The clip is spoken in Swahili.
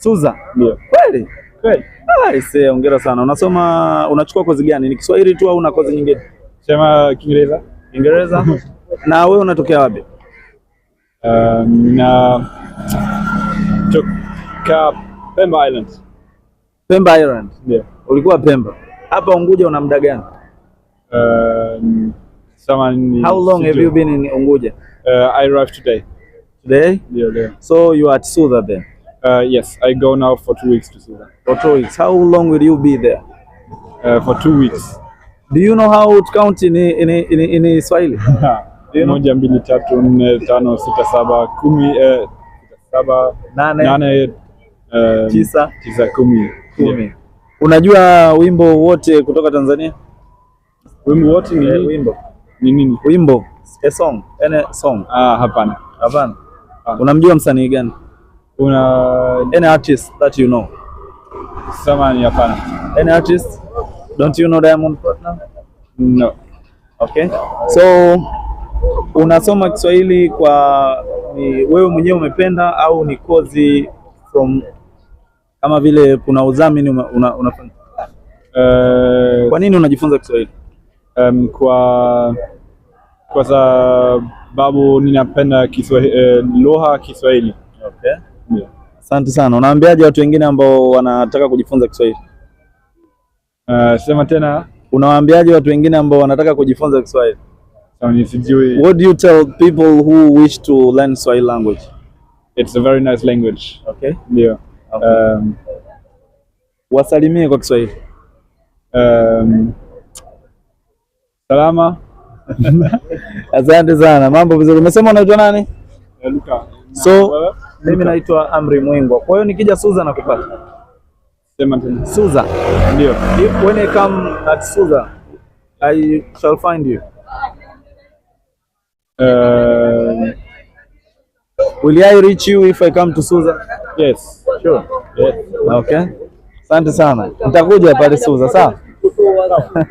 Suza? Ndio. Kweli? Kweli. Aise, hongera sana. Unasoma unachukua kozi gani? Ni Kiswahili tu au una kozi nyingine? Sema Kiingereza. Kiingereza? Na wewe unatokea wapi? Um, na toka Pemba Island. Pemba Island. Ndio. Ulikuwa Pemba. Hapa Unguja una muda gani? Um, How long have you been in Unguja? Uh, I arrived today. Today? Ndio, leo. So you are at Suza then. Uh, yes, I go now for two weeks to Sudan. For two weeks. How long will you be there? Uh, for two weeks. Do you know how to count in in in in Swahili? Moja, mbili, tatu, nne, tano, sita, saba, kumi, eh, saba, nane, nane, um, tisa, tisa, kumi. Kumi. Yeah. Unajua wimbo wote kutoka Tanzania? Wimbo wote ni eh, wimbo. Ni nini? Wimbo. A song. Any song. Ah, hapana. Hapana. Ah. Unamjua msanii gani? kuna any artist that you know? Sema ni hapana. Any artist? Don't you know Diamond Platinum? No. Okay. So unasoma Kiswahili kwa ni wewe mwenyewe umependa au ni kozi from kama vile kuna udhamini unafanya una, una, uh, kwa nini unajifunza Kiswahili? Um, kwa kwa sababu ninapenda Kiswahili, eh, lugha Kiswahili Asante sana. Unaambiaje watu wengine ambao wanataka kujifunza Kiswahili? Uh, sema tena. Unawaambiaje watu wengine ambao wanataka kujifunza Kiswahili? Sijui. What do you tell people who wish to learn Swahili language? It's a very nice language. Okay. Ndio. Okay. Um, wasalimie kwa Kiswahili. Um, salama. Asante sana. Mambo vizuri. Umesema unaitwa nani? Eh, Luka. So, mimi naitwa Amri Mwingwa. Kwa hiyo nikija Suza nakupata. Sema tena. Suza. Ndio. If when I come at Suza, I shall find you. Uh, will I reach you if I come to Suza? Yes. Sure. Yes. Okay. Asante sana. Nitakuja pale Suza, sawa?